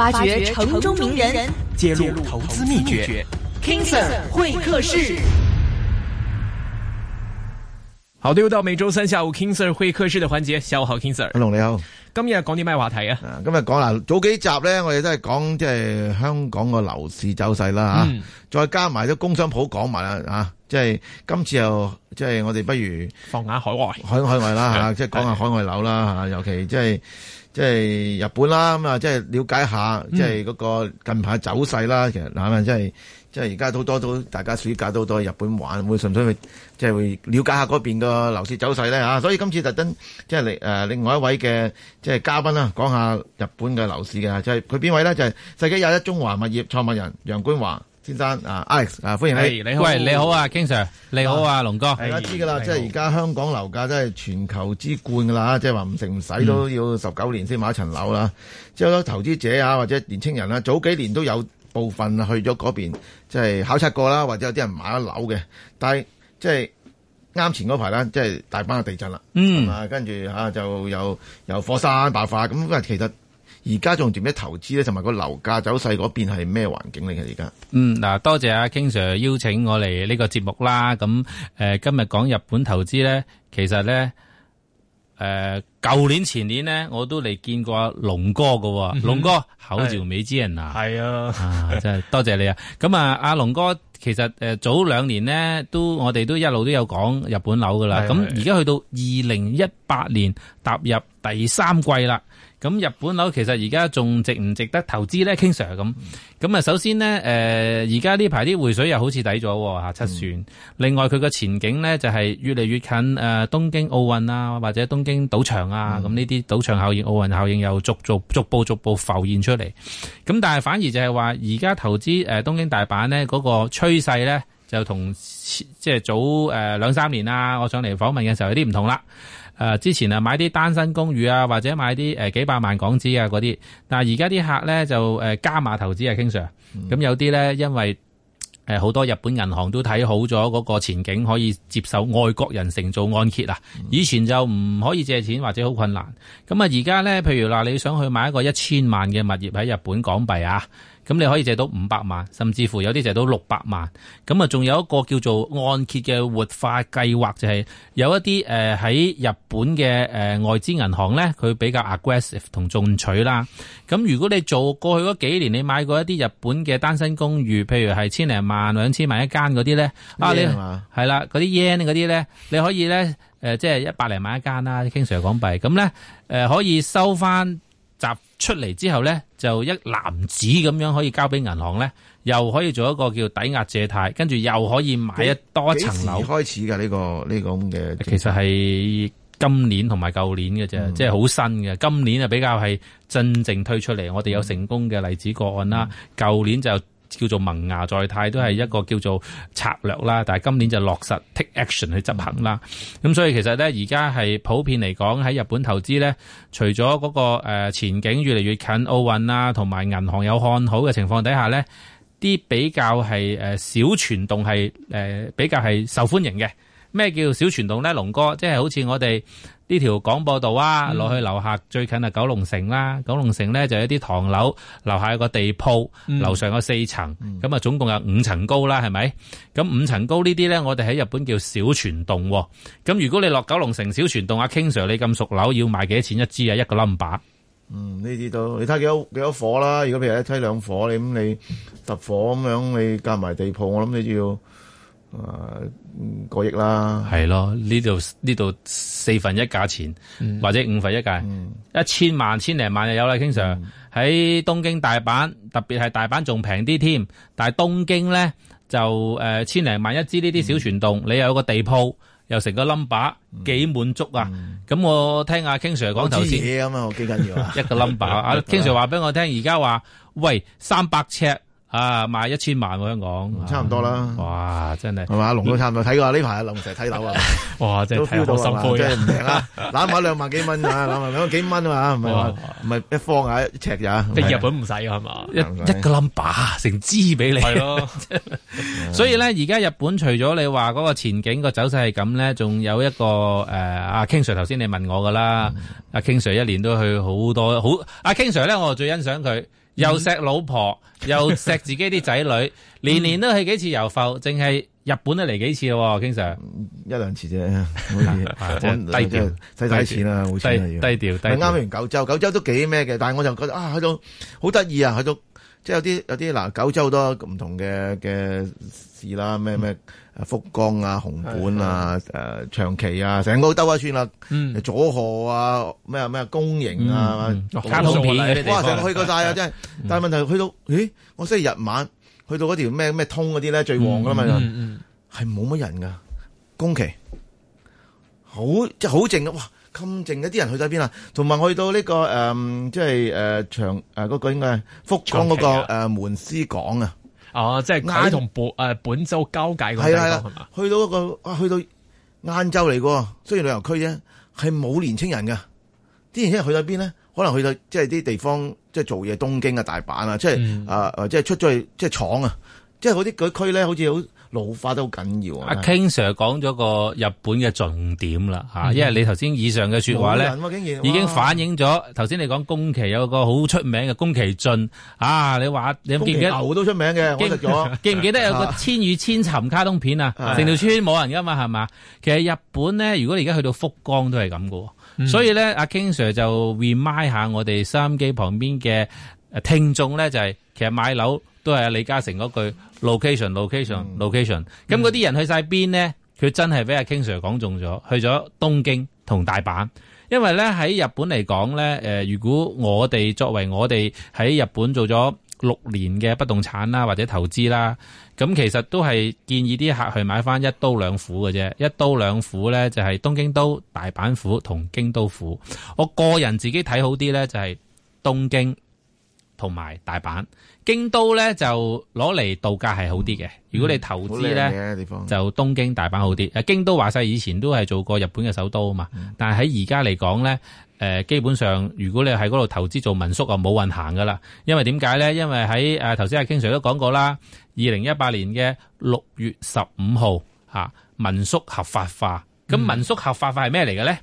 發掘城中名人，揭露投資秘訣。King Sir 會客室，好，都要到每周三下午 King Sir 會客室嘅環節。下午好，King Sir。Hello，你好，今日講啲咩話題啊？啊今日講啦，早幾集咧，我哋都係講即係香港嘅樓市走勢啦吓，嗯，再加埋啲工商鋪講埋啦吓，即、啊、係、就是、今次又即係、就是、我哋不如放眼海外，海海外啦吓，即係講下海外樓啦吓，啊，尤其即、就、係、是。即、就、係、是、日本啦，咁啊，即係了解下，即係嗰個近排走勢啦、嗯。其實嗱、就是，即係即係而家都多都大家暑假都去日本玩，會純粹去即係會了解下嗰邊個樓市走勢咧。所以今次特登即係另誒另外一位嘅即係嘉賓啦，講下日本嘅樓市嘅就係佢邊位咧，就係、是就是、世紀21中華物業創辦人楊官華。先生啊，Alex 啊，歡迎你。喂，你好啊，King Sir，你好啊，龍、啊、哥。大家知噶啦、哎，即係而家香港樓價真係全球之冠噶啦，即係話唔食唔使都要十九年先買一層樓啦。即係好多投資者啊，或者年青人啦，早幾年都有部分去咗嗰邊，即係考察過啦，或者有啲人買咗樓嘅。但係即係啱前嗰排啦，即係大班嘅地震啦，嗯啊，跟住就有有火山爆發，咁其實。而家仲點樣投資咧？同埋個樓價走勢嗰邊係咩環境嚟嘅？而家嗯嗱，多謝阿 King Sir 邀請我嚟呢個節目啦。咁誒、呃，今日講日本投資咧，其實咧誒，舊、呃、年前年咧，我都嚟見過阿龍哥嘅、哦。龍、嗯、哥口罩美之人啊，係啊，啊，真係多謝你啊。咁 啊，阿龍哥其實誒、呃，早兩年呢，都我哋都一路都有講日本樓噶啦。咁而家去到二零一八年踏入第三季啦。咁日本樓其實而家仲值唔值得投資呢？King Sir，咁，咁啊首先呢，誒而家呢排啲匯水又好似抵咗喎吓七船。嗯、另外佢個前景呢就係、是、越嚟越近誒、呃、東京奧運啊，或者東京賭場啊，咁呢啲賭場效應、奧運效應又逐逐逐步逐步浮現出嚟。咁但係反而就係話而家投資誒東京大阪呢嗰、那個趨勢呢，就同即係早兩三年啊，我上嚟訪問嘅時候有啲唔同啦。誒之前啊，買啲單身公寓啊，或者買啲幾百萬港紙啊嗰啲，但係而家啲客呢，就加碼投資啊，經常咁有啲呢，因為好多日本銀行都睇好咗嗰個前景，可以接受外國人承做按揭啊。以前就唔可以借錢或者好困難，咁啊而家呢，譬如話，你想去買一個一千萬嘅物業喺日本港幣啊？咁你可以借到五百萬，甚至乎有啲借到六百萬。咁啊，仲有一個叫做按揭嘅活化計劃，就係、是、有一啲誒喺日本嘅外資銀行咧，佢比較 aggressive 同進取啦。咁如果你做過去嗰幾年，你買過一啲日本嘅單身公寓，譬如係千零萬、兩千萬一間嗰啲咧，啊你係啦，嗰啲 yen 嗰啲咧，你可以咧誒，即係一百零萬一間啦，King Sir，港幣。咁咧誒，可以收翻集出嚟之後咧。就一籃子咁樣可以交俾銀行咧，又可以做一個叫抵押借貸，跟住又可以買一多層樓。幾時開始嘅呢個呢種嘅？其實係今年同埋舊年嘅啫，即係好新嘅。今年啊比較係真正、正推出嚟，我哋有成功嘅例子個案啦。舊、嗯、年就。叫做萌芽在態都係一個叫做策略啦，但係今年就落實 take action 去執行啦。咁所以其實呢，而家係普遍嚟講喺日本投資呢，除咗嗰個誒前景越嚟越近奧運啊，同埋銀行有看好嘅情況底下呢，啲比較係誒小傳動係誒比較係受歡迎嘅。咩叫小伝洞咧，龍哥？即係好似我哋呢條廣播道啊，落去樓下最近係九龍城啦，嗯。九龍城咧就有啲唐樓，樓下有個地鋪，樓、嗯、上有四層，咁、嗯、啊總共有五層高啦，係咪？咁五層高呢啲咧，我哋喺日本叫小伝洞。咁如果你落九龍城小伝洞，啊，King Sir 你咁熟樓，要賣幾多錢一支啊？一個 number？嗯，呢啲都你睇幾多幾多火啦。如果譬如一梯兩火，你咁你十火咁樣，你夾埋地鋪，我諗你要。誒、嗯，過億啦，係咯，呢度呢度四分一價錢、嗯，或者五分一價、嗯，一千萬、千零萬又有啦。King Sir 喺東京、大阪，特別係大阪仲平啲添。但係東京咧就誒、呃、千零萬一支呢啲小船動，嗯、你又有個地鋪，又成個 number，幾滿足啊！咁、嗯、我聽阿 King Sir 講頭先啊嘛，好緊要啊， 一個 number 號。阿 King Sir 話俾我聽，而家話喂三百尺。啊，賣一千萬我香港差唔多啦，哇，真係係嘛，龍都差唔多看，睇過呢排龍林龍成睇樓啊， 哇，真係睇到心灰，真係唔平啊。攬把兩萬幾蚊啊，攬 兩萬幾蚊啊嘛，唔係唔係一方啊，一尺咋，即日本唔使係嘛，一、啊、一個 number 成支俾你，是啊、 所以咧，而家日本除咗你話嗰、那個前景個走勢係咁咧，仲有一個誒，阿、啊、King Sir 頭先你問我噶啦，阿、嗯啊、King Sir 一年都去好多，好阿、啊、King Sir 咧，我最欣賞佢。嗯、又錫老婆，又錫自己啲仔女，年 年都去幾次遊埠，淨係日本都嚟幾次咯，經常一兩次啫，好 低調，使曬錢啦，好似要低調。啱、就是啊、完九州，九州都幾咩嘅，但係我就覺得啊，去到，好得意啊，去到，即、就、係、是、有啲有啲嗱、啊，九州都唔同嘅嘅事啦，咩咩。嗯啊！福岡啊、熊本啊、誒、長崎啊，成個兜一算啦。嗯。佐賀啊，咩咩公營啊，卡通片，哇！成個去過晒啊， 真係。但係問題去到，咦？我星期日晚去到嗰條咩咩通嗰啲咧，最旺噶嘛。嗯嗯。係冇乜人噶，宮崎好即係好靜嘅。哇，咁靜啲人去咗邊、這個呃呃呃那個那個、啊？同埋去到呢個誒，即係誒長誒嗰個應該福岡嗰個誒門司港啊。哦，即係佢同本誒本州交界嗰地方去到嗰、嗰個，去到晏晝嚟嘅。雖然旅遊區啫，係冇年青人㗎，啲年青人去到邊咧？可能去到即係啲地方，即係做嘢，東京啊、大阪啊、嗯、啊，即係啊即係出咗去，即係廠啊，即係嗰啲嗰區咧，好似好。老化都好緊要啊！阿 King Sir 講咗個日本嘅重點啦、嗯、因為你頭先以上嘅說話咧、啊，已經反映咗頭先你講宮崎有個好出名嘅宮崎駿啊！你話你有記唔記得？樓都出名嘅，經歷咗記唔記，記得有個千與千尋卡通片啊？成、啊、條村冇人㗎嘛係嘛？其實日本咧，如果你而家去到福岡都係咁㗎喎，所以咧阿 King Sir 就 remind 下我哋收音機旁邊嘅聽眾咧，就係、是、其實買樓。都係阿李嘉誠嗰句 location，location，location。咁嗰啲人去晒邊呢？佢真係俾阿 King Sir 講中咗，去咗東京同大阪。因為呢，喺日本嚟講呢，如果我哋作為我哋喺日本做咗六年嘅不動產啦或者投資啦，咁其實都係建議啲客去買翻一刀兩斧嘅啫。一刀兩斧呢，就係東京都、大阪府同京都府。我個人自己睇好啲呢，就係東京。同埋大阪、京都呢，就攞嚟度假係好啲嘅。如果你投資呢，嗯、就東京、大阪好啲。京都話晒以前都係做過日本嘅首都啊嘛。嗯、但係喺而家嚟講呢，基本上如果你喺嗰度投資做民宿啊，冇運行噶啦。因為點解呢？因為喺誒頭先阿 King Sir 都講過啦，二零一八年嘅六月十五號民宿合法化。咁、嗯、民宿合法化係咩嚟嘅呢？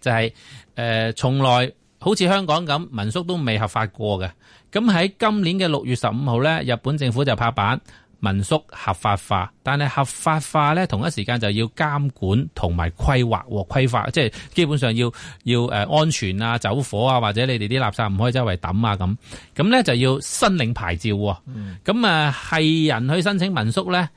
就係、是、誒、呃、從來。好似香港咁，民宿都未合法過嘅。咁喺今年嘅六月十五號呢，日本政府就拍板民宿合法化。但係合法化呢，同一時間就要監管同埋規劃喎，規劃即係基本上要要安全啊、走火啊，或者你哋啲垃圾唔可以周圍抌啊咁。咁呢，就要申領牌照喎、啊。咁啊係人去申請民宿呢，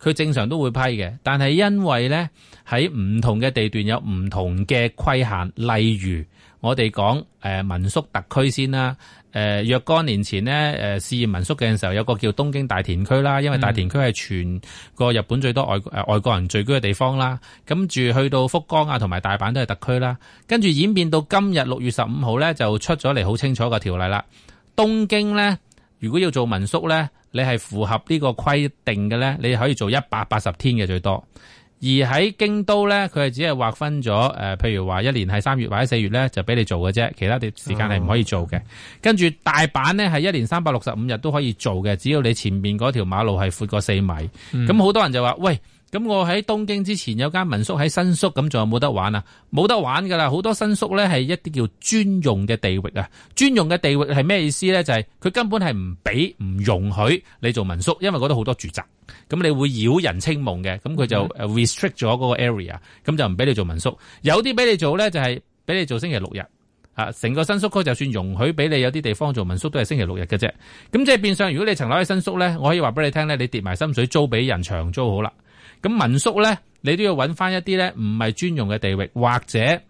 佢正常都會批嘅。但係因為呢，喺唔同嘅地段有唔同嘅規限，例如。我哋講誒民宿特區先啦，誒若干年前呢，誒試業民宿嘅時候，有個叫東京大田區啦，因為大田區係全個日本最多外外國人聚居嘅地方啦，咁住去到福岡啊，同埋大阪都係特區啦，跟住演變到今日六月十五號呢，就出咗嚟好清楚一個條例啦。東京呢，如果要做民宿呢，你係符合呢個規定嘅呢，你可以做一百八十天嘅最多。而喺京都呢，佢係只係劃分咗、呃、譬如話一年係三月或者四月呢，就俾你做嘅啫，其他啲時間係唔可以做嘅、哦。跟住大阪呢，係一年三百六十五日都可以做嘅，只要你前面嗰條馬路係闊過四米。咁、嗯、好多人就話：喂！咁我喺東京之前有間民宿喺新宿，咁仲有冇得玩啊？冇得玩噶啦，好多新宿咧係一啲叫專用嘅地域啊。專用嘅地域係咩意思咧？就係佢根本係唔俾唔容許你做民宿，因為嗰度好多住宅，咁你會擾人清夢嘅。咁佢就 restrict 咗嗰個 area，咁就唔俾你做民宿。有啲俾你做咧，就係俾你做星期六日啊。成個新宿區就算容許俾你有啲地方做民宿，都係星期六日嘅啫。咁即係變相如果你層樓喺新宿咧，我可以話俾你聽咧，你跌埋心水租俾人長租好啦。咁民宿呢，你都要揾翻一啲呢唔係專用嘅地域，或者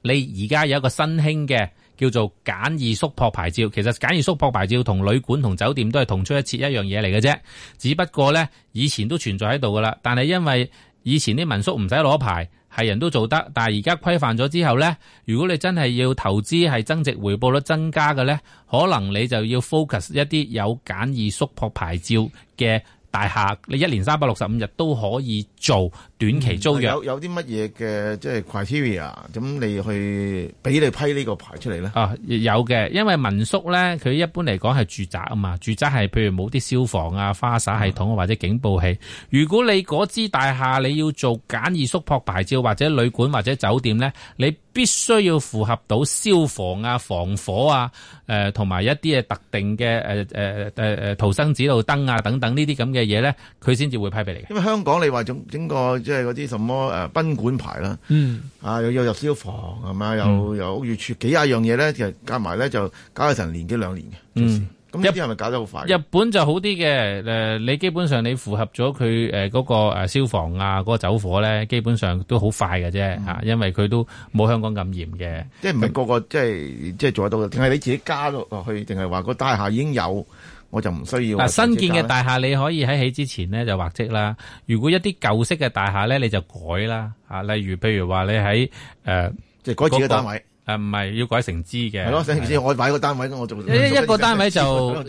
你而家有一個新興嘅叫做簡易宿泊牌照。其實簡易宿泊牌照同旅館同酒店都係同出一轍一樣嘢嚟嘅啫，只不過呢，以前都存在喺度噶啦。但係因為以前啲民宿唔使攞牌，係人都做得。但係而家規範咗之後呢，如果你真係要投資係增值回報率增加嘅呢，可能你就要 focus 一啲有簡易宿泊牌照嘅。大廈，你一年三百六十五日都可以做。短期租約、嗯、有有啲乜嘢嘅即係 criteria，咁你去俾你批呢個牌出嚟咧？啊、哦，有嘅，因為民宿咧，佢一般嚟講係住宅啊嘛，住宅係譬如冇啲消防啊、花灑系統或者警報器、嗯。如果你嗰支大廈你要做簡易宿泊牌照或者旅館或者酒店咧，你必須要符合到消防啊、防火啊、誒同埋一啲嘅特定嘅誒誒誒誒逃生指路燈啊等等呢啲咁嘅嘢咧，佢先至會批俾你嘅。因為香港你話整整個。即係嗰啲什麼誒賓館牌啦，嗯啊又又入消防係嘛？又、嗯、又屋宇署幾廿樣嘢咧，其實夾埋咧就搞咗成年幾兩年嘅，嗯咁呢啲係咪搞得好快？日本就好啲嘅，誒你基本上你符合咗佢誒嗰個消防啊嗰、嗰個走火咧，基本上都好快嘅啫嚇，因為佢都冇香港咁嚴嘅，即係唔係個個即係即係做得到，定係你自己加落去，定係話個大廈已經有？我就唔需要。嗱，新建嘅大廈你可以喺起之前咧就劃則啦。如果一啲舊式嘅大廈咧，你就改啦。吓，例如譬如話你喺誒，即係改住嘅單位。誒、啊，唔係要改成支嘅。係咯，成我買個單位，我做。一一個單位就，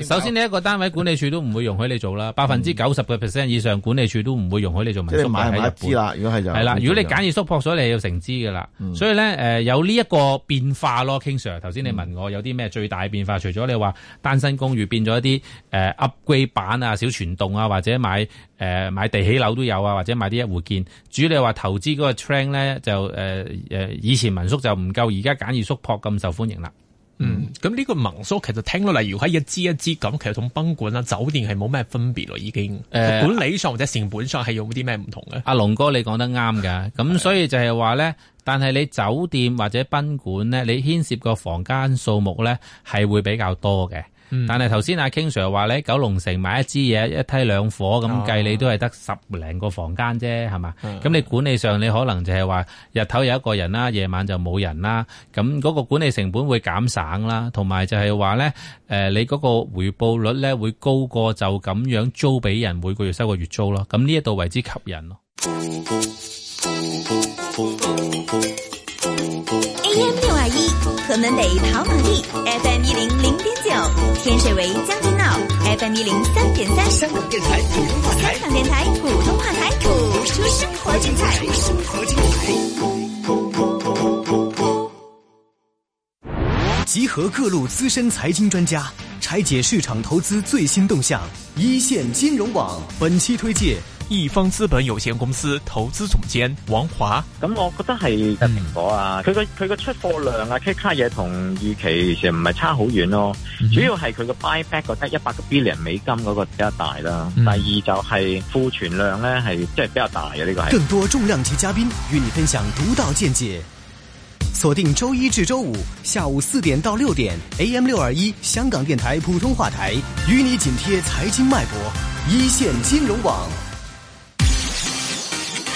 首先你一個單位管理處都唔會容許你做啦，百分之九十嘅 percent 以上管理處都唔會容許你做民宿、嗯、即是買啦。如果係就係啦，如果你簡易宿泊咗，你要成支噶啦。所以咧，誒、呃，有呢一個變化咯。King Sir 頭先你問我有啲咩最大嘅變化，嗯、除咗你話單身公寓變咗一啲誒、呃、upgrade 版啊、小全棟啊，或者買。誒買地起樓都有啊，或者買啲一戶建。主要你話投資嗰個 train 咧，就、呃、誒以前民宿就唔夠，而家簡易宿泊咁受歡迎啦。嗯，咁、嗯、呢個民宿其實聽落嚟，如果一支一支咁，其實同賓館啊，酒店係冇咩分別咯，已經、呃。管理上或者成本上係有啲咩唔同嘅？阿、啊、龍哥你說，你講得啱㗎。咁所以就係話咧，但係你酒店或者賓館咧，你牽涉個房間數目咧，係會比較多嘅。但係頭先阿 King Sir 話咧，九龍城買一枝嘢一梯兩伙咁計，你都係得十零個房間啫，係嘛？咁你管理上你可能就係話日頭有一個人啦，夜晚就冇人啦，咁嗰個管理成本會減省啦，同埋就係話咧，誒你嗰個回報率咧會高過就咁樣租俾人每個月收個月租咯，咁呢一度為之吸引咯。河門北跑馬地 FM 一零零點九，天水圍將軍澳 FM 一零三點三，香港電台普通話台，香港電台普通話台，播出生活精彩，生活精彩，集合各路資深財經專家，拆解市場投資最新動向，一線金融網本期推介。億方資本有限公司投資總監王華，咁我覺得係蘋果啊，佢個佢個出貨量啊，k 卡嘢同預期其實唔係差好遠咯，主要係佢個 buyback 嗰得一百個 billion 美金嗰個比較大啦，嗯，第二就係庫存量咧係即係比較大嘅呢個係。更多重量級嘉賓與你分享獨到見解，鎖定周一至周五下午四點到六點，AM 六二一香港電台普通話台，與你緊貼財經脈搏，一綫金融網。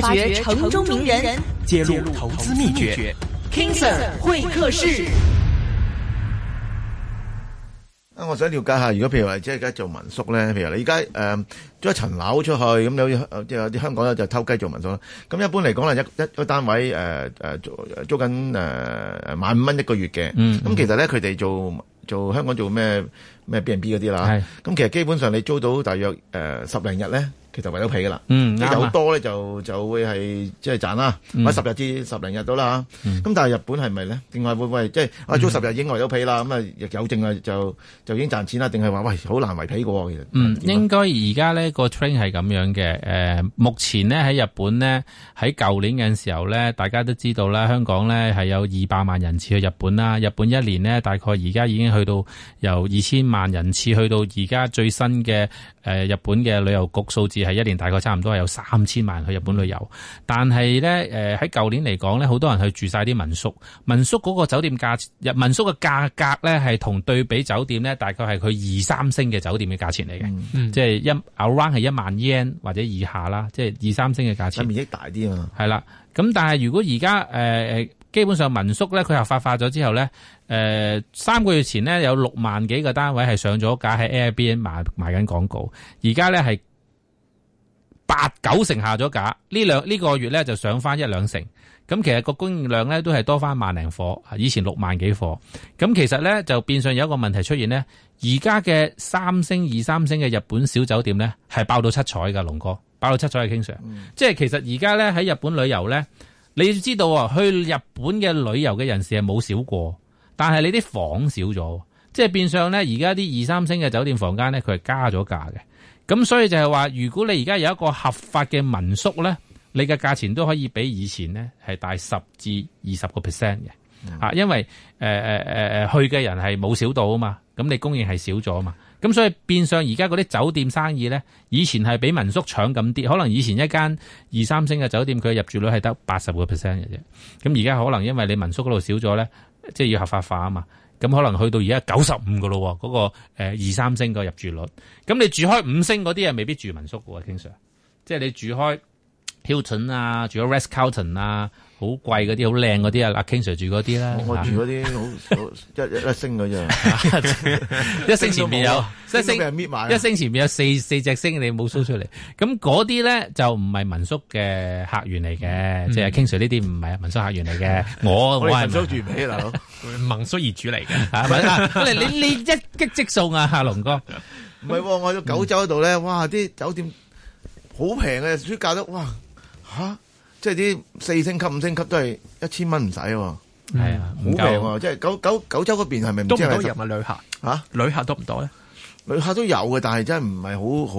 發掘城中名人，揭露投資秘訣。King Sir 會客室、嗯嗯、啊，我想了解一下，如果譬如話即係而家做民宿咧，譬如你而家誒租一層樓出去咁有有即係有啲香港人就偷雞做民宿啦。咁一般嚟講咧一一個單位誒誒租租緊誒萬五蚊一個月嘅，咁其實咧佢哋做做香港做咩？咩 B n B 嗰啲啦，咁其實基本上你租到大約誒、呃、十零日咧，其實圍咗皮噶啦，嗯，有多咧就就會係即係賺啦，十日至十零日到啦咁但係日本係咪咧？定係會唔會即係我租十日已經圍到皮啦？咁、嗯、啊有剩啊就就已經賺錢啦？定係話喂好難圍皮喎。其實嗯，應該而家呢個 train 係咁樣嘅誒、呃，目前呢，喺日本呢，喺舊年嘅時候咧，大家都知道啦，香港咧係有二百萬人次去日本啦，日本一年呢，大概而家已經去到由二千萬人次去到而家最新嘅，誒日本嘅旅遊局數字係一年大概差唔多係有三千萬人去日本旅遊，但係咧，誒喺舊年嚟講咧，好多人去住晒啲民宿，民宿嗰個酒店價，日民宿嘅價格咧係同對比酒店咧，大概係佢二三星嘅酒店嘅價錢嚟嘅，即、嗯、係、就是、一 around 係一萬 yen 或者以下啦，即係二三星嘅價錢。面積大啲啊，係啦，咁但係如果而家誒。呃基本上民宿咧，佢合法化咗之後咧，誒、呃、三個月前咧有六萬幾個單位係上咗架喺 Airbnb 賣賣緊廣告，而家咧係八九成下咗架，呢兩呢個月咧就上翻一兩成。咁其實個供應量咧都係多翻萬零貨，以前六萬幾貨。咁其實咧就變相有一個問題出現咧，而家嘅三星二三星嘅日本小酒店咧係爆到七彩㗎，龍哥爆到七彩係 King Sir。即係其實而家咧喺日本旅遊咧。你要知道啊，去日本嘅旅遊嘅人士係冇少過，但係你啲房少咗，即係變相咧，而家啲二三星嘅酒店房間咧，佢係加咗價嘅。咁所以就係話，如果你而家有一個合法嘅民宿咧，你嘅價錢都可以比以前咧係大十至二十個 percent 嘅。啊，因為誒誒誒誒去嘅人係冇少到啊嘛，咁你供應係少咗啊嘛。咁所以變相而家嗰啲酒店生意咧，以前係比民宿搶咁啲。可能以前一間二三星嘅酒店佢入住率係得八十個 percent 嘅啫。咁而家可能因為你民宿嗰度少咗咧，即係要合法化啊嘛。咁可能去到而家九十五個咯，嗰個誒二三星個入住率。咁你住開五星嗰啲又未必住民宿喎，經常即係你住開 Hilton 啊，住咗 Ritz-Carlton 啊。好貴嗰啲，好靚嗰啲啊！阿 King Sir 住嗰啲啦，我住嗰啲好一一星嗰隻，一星前面有，一星咪搣埋，一星前面有四四隻星，你冇 show 出嚟。咁嗰啲咧就唔係民宿嘅客源嚟嘅，即係 King Sir 呢啲唔係民宿客源嚟嘅。我我係民宿住嚟，大佬民宿業主嚟嘅。你你一擊即送啊，阿龍哥，唔係我喺九州嗰度咧，哇！啲酒店好平嘅，書價得哇吓。即係啲四星級、五星級都係一千蚊唔使喎，係啊，哎、好平喎、啊！即係九九九州嗰邊係咪唔多人客啊？旅客嚇，旅客多唔多啦？旅客都有嘅，但係真係唔係好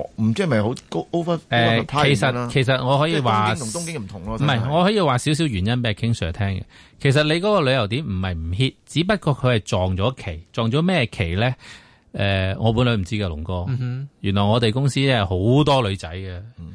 好旺，唔知係咪好高 over 其實、啊、其實我可以話東京同東京唔同咯、啊，唔係我可以話少少原因俾 King Sir 聽嘅。其實你嗰個旅遊點唔係唔 hit，只不過佢係撞咗期，撞咗咩期咧？誒、呃，我本來唔知嘅龍哥、嗯，原來我哋公司咧好多女仔嘅。嗯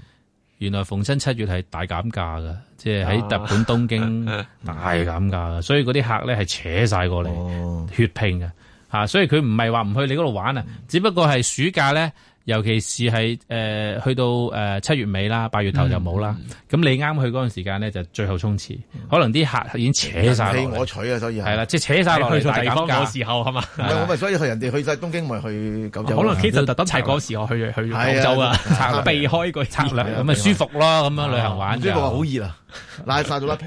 原來逢親七月係大減價噶，即係喺日本東京、啊、大減價噶，所以嗰啲客咧係扯晒過嚟、哦、血拼嘅吓，所以佢唔係話唔去你嗰度玩啊、嗯，只不過係暑假咧。尤其是係誒、呃、去到誒、呃、七月尾啦，八月頭就冇啦。咁、嗯、你啱去嗰段時間呢，就最後衝刺，嗯、可能啲客已經扯曬落嚟。我取啊，所以係。係即係扯曬落去錯地方嗰時候啊嘛。唔係我咪，所以係人哋去曬東京九州，咪去咁。可能其實特登齊個時我去去澳洲啊，啊，避開個熱量，咁咪、啊、舒服囉。咁、啊、樣、啊啊、旅行玩。舒服啊！好熱啊！曬曬到甩皮。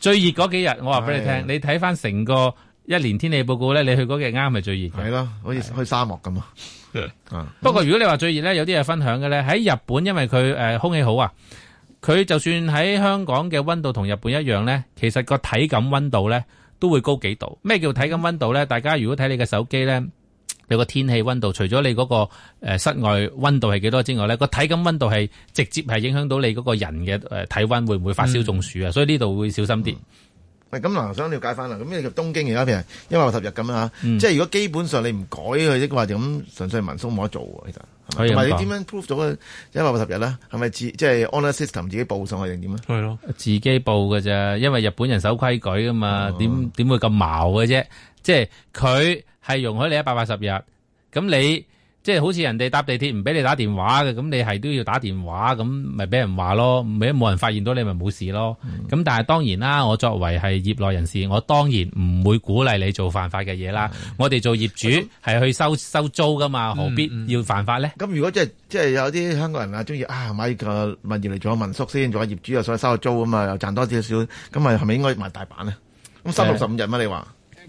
最熱嗰幾日， 我話俾你聽，你睇返成個。一年天氣報告咧，你去嗰日啱咪最熱？係咯，好似去沙漠咁啊、嗯。不過如果你話最熱咧，有啲嘢分享嘅咧。喺日本，因為佢誒空氣好啊，佢就算喺香港嘅温度同日本一樣咧，其實個體感温度咧都會高幾度。咩叫體感温度咧？大家如果睇你嘅手機咧，有個天氣温度，除咗你嗰個誒室外温度係幾多之外咧，個體感温度係直接係影響到你嗰個人嘅誒體温會唔會發燒中暑啊、嗯？所以呢度會小心啲。嗯喂，咁嗱，想了解翻啦。咁你入東京而家譬如一百八十日咁啊、嗯，即係如果基本上你唔改佢，即係話就咁純粹民宿冇得做喎。其實，同埋你點樣 prove 咗一百八十日咧？係咪自即係 online system 自己報上去定點咧？係咯，自己報嘅啫。因為日本人守規矩噶嘛，點、啊、點會咁矛嘅啫？即係佢係容許你一百八十日，咁你。即係好似人哋搭地鐵唔俾你打電話嘅，咁、嗯、你係都要打電話，咁咪俾人話咯。咪冇人發現到你，咪冇事咯。咁、嗯、但係當然啦，我作為係業內人士，我當然唔會鼓勵你做犯法嘅嘢啦。嗯、我哋做業主係去收收租噶嘛，何必要犯法咧？咁、嗯嗯、如果即係即係有啲香港人啊，中意啊買個物業嚟做民宿先，做下業主又想收租啊嘛，又賺多啲少少，咁咪係咪應該買大阪呢？咁收六十五日咩？你話？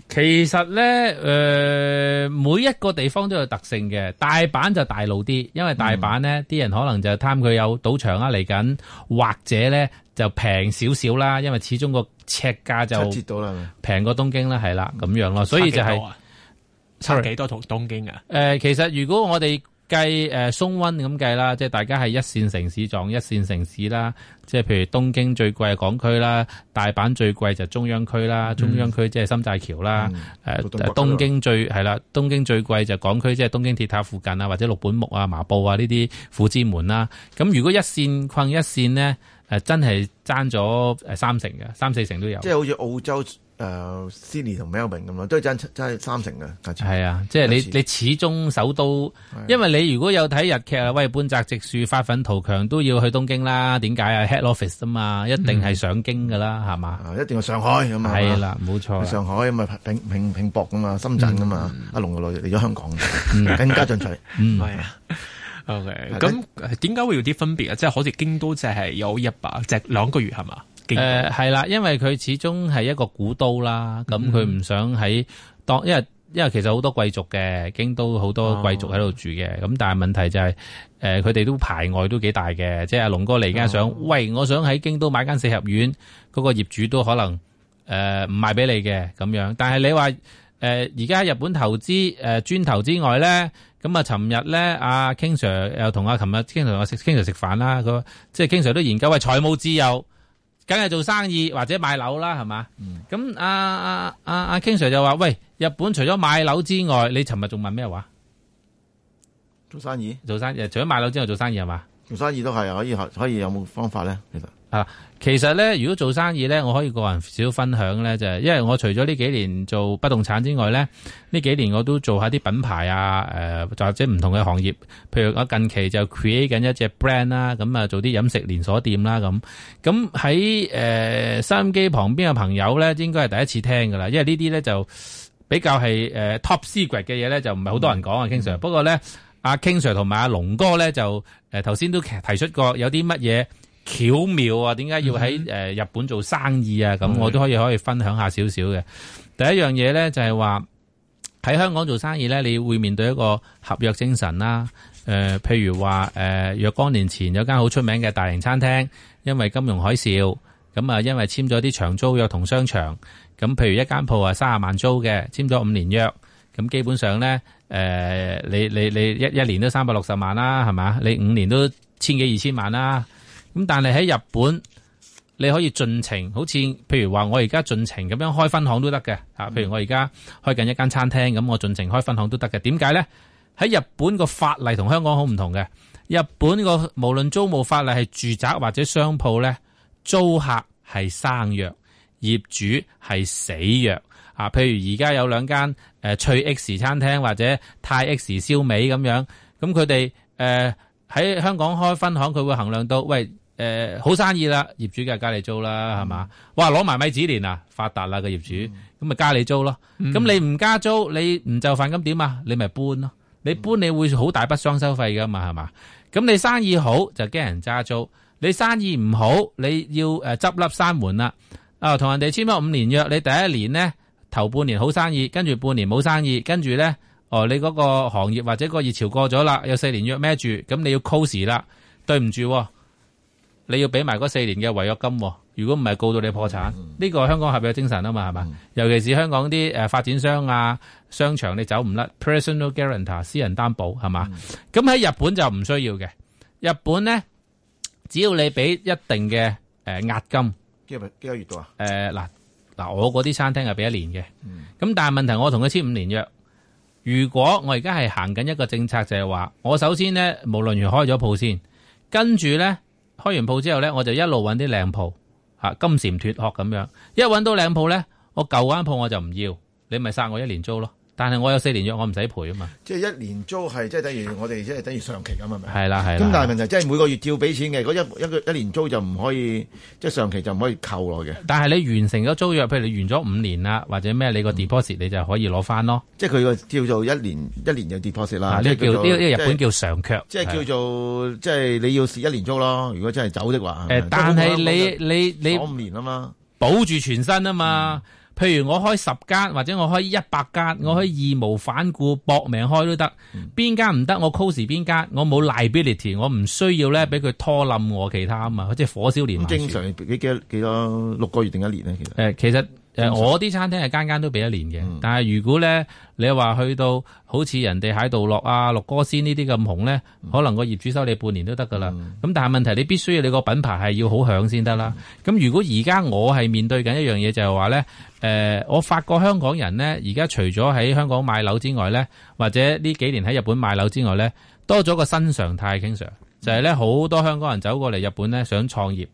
其實咧，誒、呃，每一個地方都有特性嘅。大阪就大路啲，因為大阪咧，啲、嗯、人可能就貪佢有賭場啊嚟緊，或者咧就平少少啦，因為始終個尺價就折到啦，平過東京啦，係啦咁樣咯。所以就係、是、差幾多同、啊、東京啊？誒、呃，其實如果我哋計誒鬆温咁計啦，即係大家係一線城市撞一線城市啦，即係譬如東京最貴嘅港區啦，大阪最貴就中央區啦，中央區即係深寨橋啦，誒、嗯、東京最係啦，嗯、東京，最東京最貴就港區，即係東京鐵塔附近啊，或者六本木啊、麻布啊呢啲府之門啦。咁如果一線困一線呢，真係爭咗三成嘅，三四成都有。即係好似澳洲。誒，Cindy 同 Melvin 咁樣，都係真係三成嘅，係啊，即係、啊、你你始終首都、啊，因為你如果有睇日劇啊，喂半澤直樹、發奮圖強都要去東京啦，點解啊？Head office 啊嘛，一定係上京㗎啦，係、嗯、咪、嗯？一定係上海咁嘛，係啦、啊，冇錯，去、啊啊、上海咁咪平拼拼搏咁啊，深圳咁嘛，阿龍又來嚟咗香港， 更加進取。 嗯，係啊，OK，咁點解會有啲分別啊？即、就、係、是、好似京都就係有一百，就是、兩個月係咪？誒係啦，因為佢始終係一個古都啦，咁佢唔想喺當，因為因為其實好多貴族嘅京都好多貴族喺度住嘅，咁、哦、但係問題就係誒佢哋都排外都幾大嘅，即係阿龍哥嚟而家想、哦、喂，我想喺京都買間四合院，嗰、那個業主都可能唔、呃、賣俾你嘅咁樣。但係你話誒而家日本投資誒磚頭之外咧，咁、嗯、啊，尋日咧阿 King Sir 又同阿琴日經常食 King Sir 食飯啦，咁即係 King Sir 都研究喂財務自由。梗係做生意或者買樓啦，係嘛？咁、嗯、阿啊啊阿、啊、King Sir 就話，喂，日本除咗買樓之外，你尋日仲問咩話？做生意？做生意？除咗買樓之外，做生意係嘛？做生意都係可以，可可以有冇方法咧？其實啊，其實咧，如果做生意咧，我可以個人少分享咧，就係、是、因為我除咗呢幾年做不動產之外咧，呢幾年我都做下啲品牌啊，誒、呃，或者唔同嘅行業，譬如我近期就 create 緊一隻 brand 啦、啊，咁啊做啲飲食連鎖店啦、啊，咁咁喺誒收音機旁邊嘅朋友咧，應該係第一次聽噶啦，因為呢啲咧就比較係誒、呃、top secret 嘅嘢咧，就唔係好多人講啊，經、嗯、常。King Sir，不過咧。阿 King Sir 同埋阿龍哥咧，就誒頭先都提出過有啲乜嘢巧妙啊？點解要喺誒日本做生意啊？咁、嗯、我都可以可以分享一下少少嘅。第一樣嘢咧就係話喺香港做生意咧，你會面對一個合約精神啦、啊。誒、呃，譬如話誒、呃，若干年前有間好出名嘅大型餐廳，因為金融海嘯，咁啊，因為簽咗啲長租約同商場，咁譬如一間鋪啊，三十萬租嘅，簽咗五年約，咁基本上咧。.誒、呃，你你你一一年都三百六十萬啦，係嘛？你五年都千幾二千萬啦。咁但係喺日本，你可以盡情，好似譬如話，我而家盡情咁樣開分行都得嘅。譬如我而家開緊一間餐廳，咁我盡情開分行都得嘅。點解咧？喺日本個法例同香港好唔同嘅。日本個無論租務法例係住宅或者商鋪咧，租客係生約，業主係死約。啊，譬如而家有兩間誒翠 X 餐廳或者泰 X 燒味咁樣，咁佢哋誒喺香港開分行，佢會衡量到，喂誒、呃、好生意啦，業主梗係加你租啦，係嘛、嗯？哇，攞埋米芝蓮啊，發達啦個業主，咁、嗯、咪加你租咯。咁、嗯、你唔加租，你唔就範咁點啊？你咪搬咯。你搬、嗯、你，搬你會好大筆雙收費噶嘛，係嘛？咁你生意好就驚人揸租，你生意唔好你要誒執笠閂門啦。啊，同人哋簽咗五年約，你第一年咧。頭半年好生意，跟住半年冇生意，跟住咧，哦，你嗰個行業或者個熱潮過咗啦，有四年約孭住，咁你要 close 啦，對唔住、哦，你要俾埋嗰四年嘅違約金、哦，如果唔係告到你破產，呢、嗯、個香港合約精神啊？嘛，係、嗯、嘛，尤其是香港啲誒發展商啊商場你走唔甩，personal guarantee 私人擔保係嘛，咁喺、嗯、日本就唔需要嘅，日本咧，只要你俾一定嘅誒押金，幾多幾多月度啊？誒、呃、嗱。嗱，我嗰啲餐廳係俾一年嘅，咁但係問題，我同佢簽五年約。如果我而家係行緊一個政策，就係話，我首先呢，無論如何開咗鋪先，跟住呢，開完鋪之後呢，我就一路揾啲靚鋪，嚇金蟬脫殼咁樣。一揾到靚鋪呢，我舊間鋪我就唔要，你咪殺我一年租咯。但係我有四年約，我唔使賠啊嘛！即係一年租係即係等於我哋即係等於上期咁嘛。係啦係。咁但係問題即係每個月照俾錢嘅，嗰一一個一年租就唔可以即係、就是、上期就唔可以扣落嘅。但係你完成咗租約，譬如你完咗五年啦，或者咩你個 deposit 你就可以攞翻咯。即係佢叫做一年一年有 deposit 啦。呢、啊、叫呢、這個、日本叫常劇，即係叫做即係你要蝕一年租咯。如果真係走的話，的但係你你你保五年啊嘛，保住全身啊嘛。嗯譬如我開十間或者我開一百間，我可以義無反顧搏命開都得。邊間唔得我 close 邊間，我冇 liability，我唔需要咧俾佢拖冧我其他啊嘛，即係火燒連環。正常幾個幾多幾個六個月定一年咧？其實。嗯其實誒、呃，我啲餐廳係間間都俾一年嘅，嗯，但係如果咧，你話去到好似人哋喺道落啊、六哥先呢啲咁紅咧，可能個業主收你半年都得噶啦。咁，嗯、但係問題，你必須要你個品牌係要好響先得啦。咁，嗯、如果而家我係面對緊一樣嘢，就係話咧，我發覺香港人咧，而家除咗喺香港買樓之外咧，或者呢幾年喺日本買樓之外咧，多咗個新常態，經常就係咧好多香港人走過嚟日本咧想創業。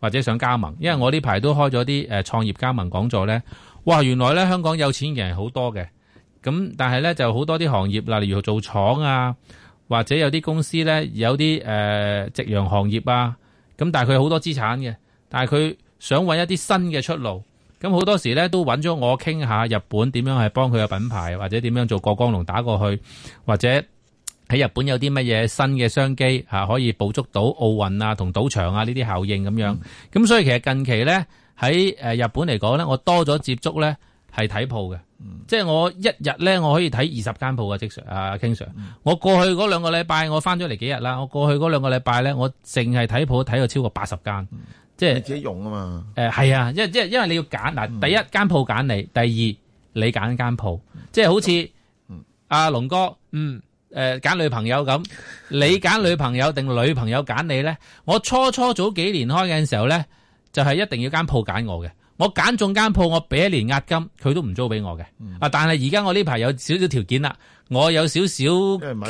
或者想加盟，因為我呢排都開咗啲創業加盟講座呢。哇！原來呢香港有錢人好多嘅，咁但係呢就好多啲行業啦，例如做廠啊，或者有啲公司呢有啲誒、呃、夕陽行業啊，咁但係佢好多資產嘅，但係佢想揾一啲新嘅出路，咁好多時呢都揾咗我傾下日本點樣係幫佢嘅品牌，或者點樣做過江龍打過去，或者。喺日本有啲乜嘢新嘅商機嚇、啊，可以捕捉到奧運啊同賭場啊呢啲效應咁樣。咁、嗯、所以其實近期咧喺誒日本嚟講咧，我多咗接觸咧係睇鋪嘅，即係我一日咧我可以睇二十間鋪嘅。King Sir 啊 King Sir，我過去嗰兩個禮拜我翻咗嚟幾日啦。我過去嗰兩個禮拜咧，我淨係睇鋪睇過超過八十間，嗯、即係自己用啊嘛。誒、呃、係啊，因為因為因為你要揀嗱，第一間鋪揀你，第二你揀間鋪、嗯，即係好似阿、嗯啊、龍哥嗯。誒、呃，揀女朋友咁，你揀女朋友定女朋友揀你咧？我初初早幾年開嘅時候咧，就係、是、一定要間鋪揀我嘅。我揀中間鋪，我俾一年押金，佢都唔租俾我嘅。啊，但係而家我呢排有少少條件啦，我有少少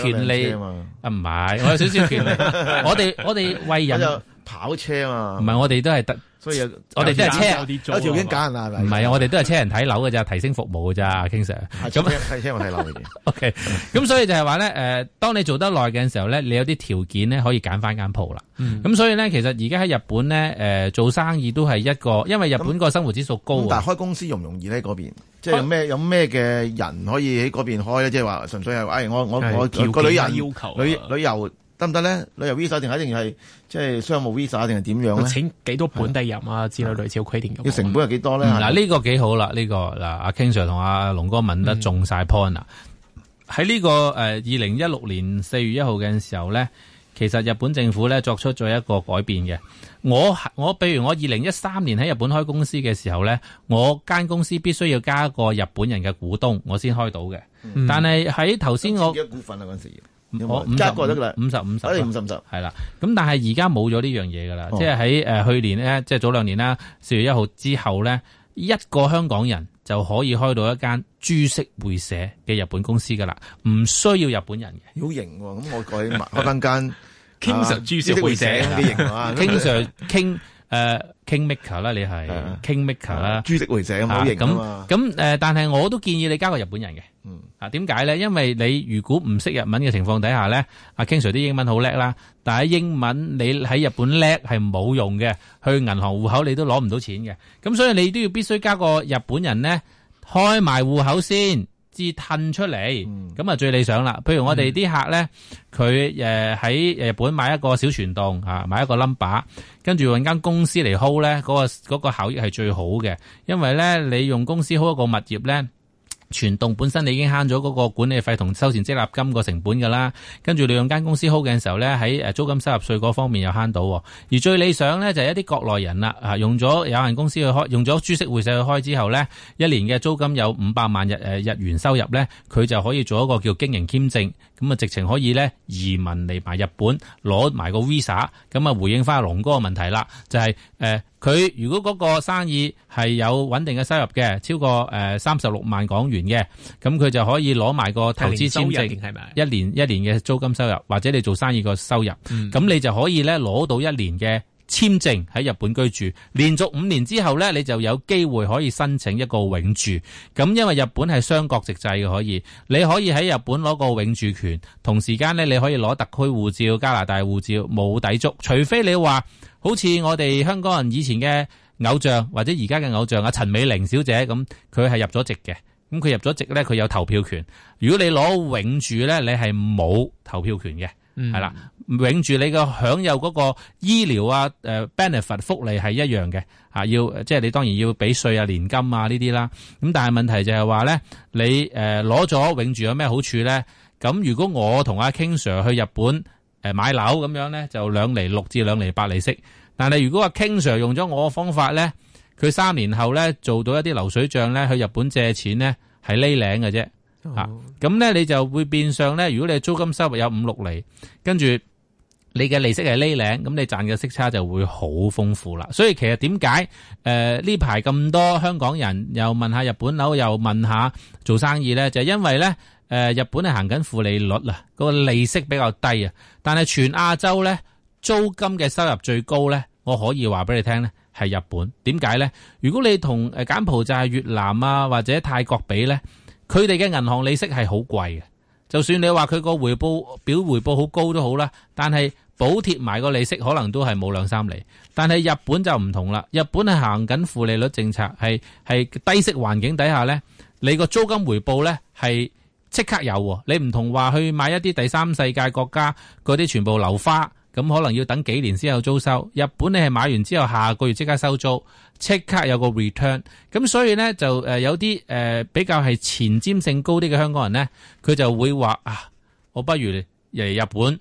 權利啊，唔係，我有少少權利。啊、我哋 我哋為人。 跑車嘛？唔係，我哋都係得，所以我哋都係車啊！一條件揀人唔係啊，我哋都係車，車，車人睇樓嘅咋，提升服務嘅咋。King Sir。咁、啊、係車， 車我睇樓嘅。O K，咁所以就係話咧，誒，當你做得耐嘅時候咧，你有啲條件咧，可以揀翻間鋪啦。咁、嗯、所以咧，其實而家喺日本咧，誒、呃，做生意都係一個，因為日本個生活指數高。但係開公司容唔容易咧？嗰邊即係咩？有咩嘅人可以喺嗰邊開咧？即係話純粹係誒、哎，我我我條個女人要求旅、啊、旅遊。得唔得咧？旅遊 visa 定一定係即係商務 visa 定係點樣咧？請幾多本地人啊之類、啊、類似規定咁要成本有幾多咧？嗱、嗯、呢、這個幾好啦，呢、這個嗱，阿、啊、King Sir 同阿、啊、龍哥問得中晒 point 啊！喺、嗯、呢、這個誒二零一六年四月一號嘅時候咧，其實日本政府咧作出咗一個改變嘅。我我譬如我二零一三年喺日本開公司嘅時候咧，我間公司必須要加一個日本人嘅股東，我先開到嘅、嗯。但係喺頭先我股份啊我五加過咗啦，五十五十，五十五十，係啦。咁但係而家冇咗呢樣嘢㗎啦，即係喺去年咧，即係早兩年啦，四月一號之後咧，一個香港人就可以開到一間株式會社嘅日本公司㗎啦，唔需要日本人嘅。好型喎，咁我改開翻間經營株式會社嘅型傾 Kingmaker 啦，你係 Kingmaker 啦，朱迪慧姐咁好型啊！咁咁誒，但係我都建議你加個日本人嘅，啊點解咧？因為你如果唔識日文嘅情況底下咧，阿 King Sir 啲英文好叻啦，但係英文你喺日本叻係冇用嘅，去銀行戶口你都攞唔到錢嘅，咁所以你都要必須加個日本人咧，開埋戶口先。至褪出嚟，咁啊最理想啦。譬如我哋啲客咧，佢誒喺日本買一個小全棟，嚇買一個冧巴，跟住搵間公司嚟 hold 咧，嗰個嗰個效益係最好嘅，因為咧你用公司 hold 一個物業咧。全棟本身你已經慳咗嗰個管理費同收錢積立金個成本㗎啦，跟住你用兩間公司 hold 嘅時候咧，喺租金收入稅嗰方面又慳到。而最理想咧就係一啲國內人啦，用咗有限公司去開，用咗株式會社去開之後咧，一年嘅租金有五百萬日日元收入咧，佢就可以做一個叫經營簽證，咁啊直情可以咧移民嚟埋日本攞埋個 visa，咁啊回應翻龍哥個問題啦，就係、是呃佢如果嗰個生意係有穩定嘅收入嘅，超過誒三十六萬港元嘅，咁佢就可以攞埋個投資簽證，一年一年嘅租金收入或者你做生意個收入，咁、嗯、你就可以咧攞到一年嘅簽證喺日本居住，連續五年之後呢，你就有機會可以申請一個永住。咁因為日本係雙國籍制嘅，可以你可以喺日本攞個永住權，同時間呢，你可以攞特區護照、加拿大護照，冇抵觸。除非你話好似我哋香港人以前嘅偶像或者而家嘅偶像阿陳美玲小姐咁，佢係入咗籍嘅。咁佢入咗籍呢，佢有投票權。如果你攞永住呢，你係冇投票權嘅。嗯，係啦，永住你嘅享有嗰個醫療啊，誒、呃、benefit 福利係一樣嘅，要即係你當然要俾稅啊、年金啊呢啲啦。咁但係問題就係話咧，你誒攞咗永住有咩好處咧？咁如果我同阿 King Sir 去日本誒、呃、買樓咁樣咧，就兩厘六至兩厘八厘息。但係如果阿 King Sir 用咗我嘅方法咧，佢三年後咧做到一啲流水賬咧，去日本借錢咧係呢領嘅啫。吓，咁咧你就會變相咧。如果你嘅租金收入有五六厘，跟住，你嘅利息係呢領，咁你賺嘅息差就會好豐富啦。所以其實點解誒呢排咁多香港人又問下日本樓，又問下做生意咧，就係因為咧誒日本係行緊負利率啊，個利息比較低啊。但係全亞洲咧租金嘅收入最高咧，我可以話俾你聽咧係日本。點解咧？如果你同誒柬埔寨、越南啊或者泰國比咧？佢哋嘅銀行利息係好貴嘅，就算你話佢個回報表回報好高都好啦，但係補貼埋個利息可能都係冇兩三厘。但係日本就唔同啦，日本係行緊負利率政策，係係低息環境底下呢，你個租金回報呢係即刻有喎。你唔同話去買一啲第三世界國家嗰啲全部流花。咁可能要等幾年先有租收。日本你係買完之後，下個月即刻收租，即刻有個 return。咁所以呢，就有啲誒、呃、比較係前瞻性高啲嘅香港人呢，佢就會話啊，我不如嚟日本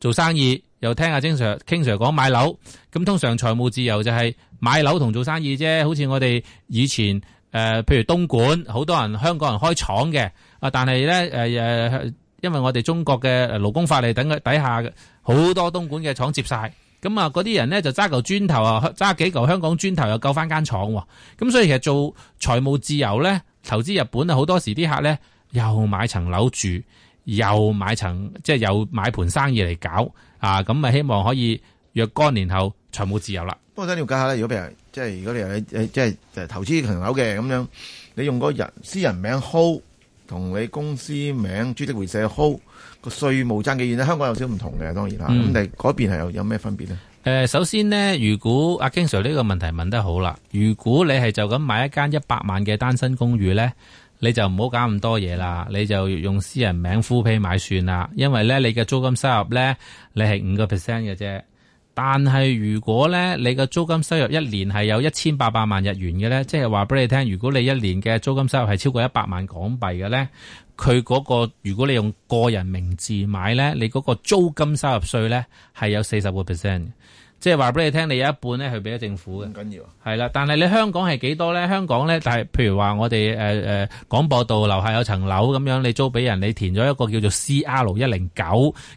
做生意，又聽下 King Sir 講買樓。咁通常財務自由就係買樓同做生意啫。好似我哋以前誒、呃，譬如東莞好多人香港人開廠嘅啊，但係呢。誒、呃因為我哋中國嘅勞工法例等嘅底下嘅好多東莞嘅廠接晒，咁啊，嗰啲人咧就揸嚿磚頭啊，揸幾嚿香港磚頭又救翻間廠，咁所以其實做財務自由咧，投資日本啊，好多時啲客咧又買層樓住，又買層即係又買盤生意嚟搞啊，咁啊希望可以若干年後財務自由啦。不過想了解下咧，如果譬如即係如果你誒即係投資層樓嘅咁樣，你用個人私人名 hold？同你公司名朱迪匯社 hold 個稅務爭幾遠咧？香港有少少唔同嘅，當然啦。咁、嗯、但係嗰邊係有有咩分別咧？誒，首先咧，如果 King Sir 呢個問題問得好啦，如果你係就咁買一間一百萬嘅單身公寓咧，你就唔好搞咁多嘢啦，你就用私人名 full pay 買算啦，因為咧你嘅租金收入咧，你係五個 percent 嘅啫。但係如果咧，你嘅租金收入一年係有一千八百萬日元嘅呢，即係話俾你聽，如果你一年嘅租金收入係超過一百萬港幣嘅呢，佢嗰個，如果你用個人名字買呢，你嗰個租金收入稅呢，係有四十個 percent。即係話俾你聽你有一半咧係俾咗政府嘅，唔緊要。係啦，但係你香港係幾多咧？香港咧，但係譬如話我哋誒誒廣播道樓下有層樓咁樣你租俾人，你填咗一個叫做 C R 一零九，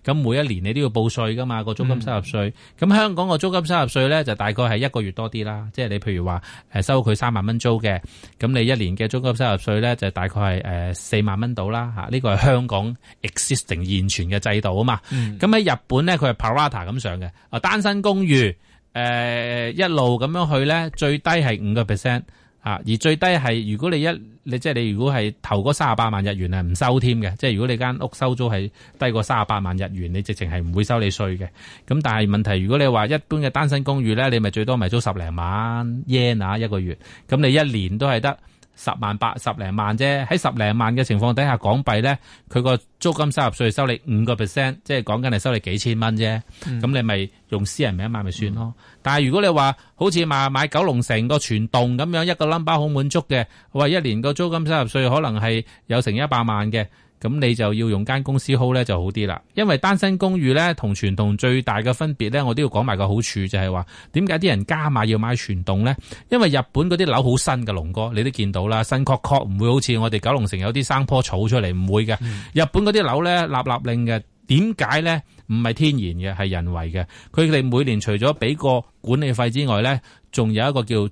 咁每一年你都要報稅噶嘛，個租金收入稅。咁、嗯、香港個租金收入稅咧就大概係一個月多啲啦。即係你譬如話誒、呃、收佢三萬蚊租嘅，咁你一年嘅租金收入稅咧就大概係誒四萬蚊到啦吓呢、呢個係香港 existing 現存嘅制度啊嘛。咁、嗯、喺日本咧佢係 parata 咁上嘅，啊單身公寓。如誒、呃、一路咁樣去咧，最低係五個 percent 啊，而最低係如果你一你即係你如果係頭嗰三十八萬日元係唔收添嘅，即係如果你間屋收租係低過三十八萬日元，你直情係唔會收你稅嘅。咁但係問題，如果你話一般嘅單身公寓咧，你咪最多咪租十零萬耶拿一個月，咁你一年都係得。十萬八，十零萬啫，喺十零萬嘅情況底下，港幣咧佢個租金收入稅收你五個 percent，即係講緊係收你幾千蚊啫。咁、嗯、你咪用私人名買咪算咯、嗯。但係如果你話好似買買九龍城個全棟咁樣一個 number 好滿足嘅，話一年個租金收入稅可能係有成一百萬嘅。咁你就要用間公司 hold 咧就好啲啦，因為單身公寓咧同傳統最大嘅分別咧，我都要講埋個好處就，就係話點解啲人加碼要買全棟咧？因為日本嗰啲樓好新嘅，龍哥你都見到啦，新確確唔會好似我哋九龍城有啲生樖草出嚟，唔會嘅、嗯。日本嗰啲樓咧立立令嘅，點解咧？唔係天然嘅，係人為嘅。佢哋每年除咗俾個管理費之外咧，仲有一個叫。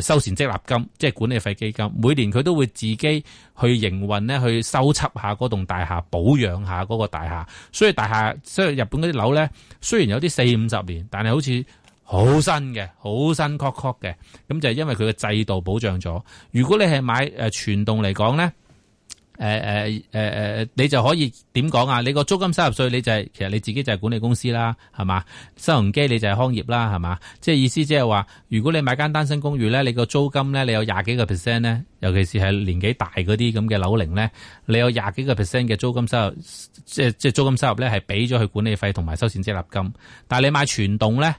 誒收錢積立金，即係管理費基金，每年佢都會自己去營運咧，去收葺下嗰棟大廈，保養下嗰個大廈，所以大廈，所以日本嗰啲樓咧，雖然有啲四五十年，但係好似好新嘅，好新確確嘅，咁就係因為佢嘅制度保障咗。如果你係買傳全棟嚟講咧。呃呃呃、你就可以點講啊？你個租金收入稅你就係、是、其實你自己就係管理公司啦，係嘛？收紅機你就係康業啦，係嘛？即係意思即係話，如果你買間單身公寓咧，你個租金咧你有廿幾個 percent 咧，尤其是係年紀大嗰啲咁嘅樓齡咧，你有廿幾個 percent 嘅租金收入，即係即係租金收入咧係俾咗去管理費同埋修繕積立金。但你買全棟咧、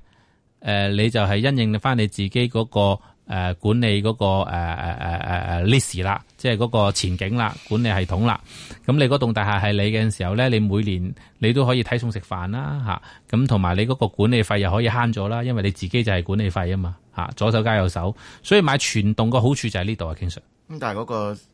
呃，你就係因應翻你自己嗰、嗰個。誒、呃，管理嗰、那個誒誒誒誒誒 list 啦，即係嗰個前景啦，管理系統啦。咁你嗰棟大廈係你嘅時候咧，你每年你都可以睇餸食飯啦，吓。咁同埋你嗰個管理費又可以慳咗啦，因為你自己就係管理費啊嘛，吓、啊。左手加右手，所以買全棟個好處就係呢度啊，其實。咁但係嗰、那個誒，即、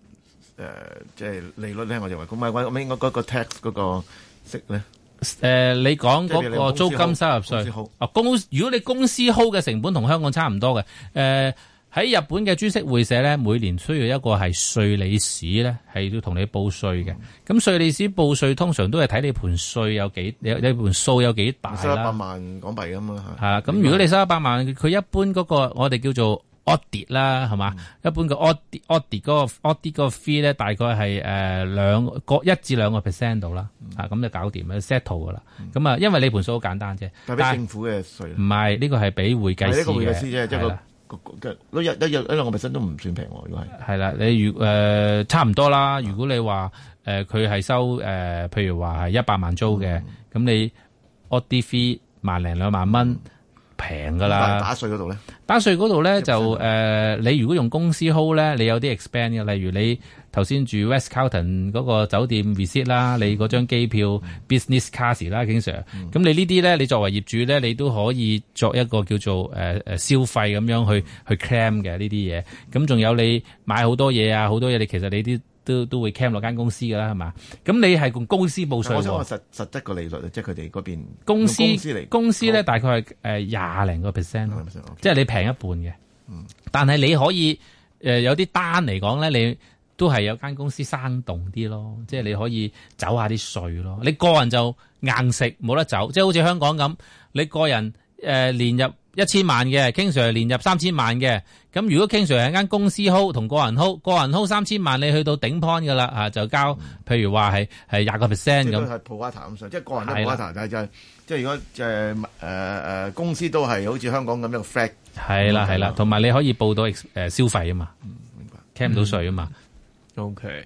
呃、係、就是、利率咧，我認為，同埋話咩嗰個 tax 嗰個息咧？誒、呃，你講嗰個租金收入稅啊，公如果你公司耗嘅成本同香港差唔多嘅，誒、呃、喺日本嘅株式會社咧，每年需要一個係稅理士咧，係要同你報稅嘅。咁、嗯、稅理士報稅通常都係睇你盤稅有幾，你你盤數有幾大啦。百萬港幣咁啦吓。係啊，咁如果你收一百萬，佢一般嗰、那個我哋叫做。audit 啦，係嘛？一般個 audit audit 嗰個 audit 嗰個 fee 咧，大概係誒兩個一至兩個 percent 度啦。啊，咁就搞掂 settle 噶啦。咁啊，因為你盤數好簡單啫，但係政府嘅稅唔係呢個係俾會計師嘅。會計師啫，即係個一日一兩個 percent 都唔算平喎。如果係係啦，你如誒差唔多啦。如果你話誒佢係收誒，譬如話係一百萬租嘅，咁你 audit fee 萬零兩萬蚊。平噶啦，打稅嗰度咧，打稅嗰度咧就誒、呃，你如果用公司 hold 咧，你有啲 expand 嘅，例如你頭先住 West Carlton 嗰個酒店 visit 啦、嗯，你嗰張機票、嗯、business class 啦，經常，咁你呢啲咧，你作為業主咧，你都可以作一個叫做誒、呃、消費咁樣去、嗯、去 claim 嘅呢啲嘢。咁仲有你買好多嘢啊，好多嘢，你其實你啲都都會 cam 落間公司噶啦，係嘛？咁你係共公司部稅喎。我想話實實質個利率即係佢哋嗰邊公司公司咧，大概係廿零個 percent 即係你平一半嘅。嗯，但係你可以有啲單嚟講咧，你都係有間公司生動啲咯，即係你可以走一下啲稅咯。你個人就硬食冇得走，即係好似香港咁，你個人誒、呃、連入。一千萬嘅，King Sir 年入三千萬嘅，咁如果 King Sir 係間公司 hold 同個人 hold，個人 hold 三千萬，你去到頂 point 㗎啦，啊就交，譬如話係係廿個 percent 咁。係報下咁即係個人都報下談，就係即係如果誒誒誒公司都係好似香港咁樣 flat。係啦係啦，同埋你可以報到誒消費啊嘛，聽唔到稅啊嘛、嗯。OK。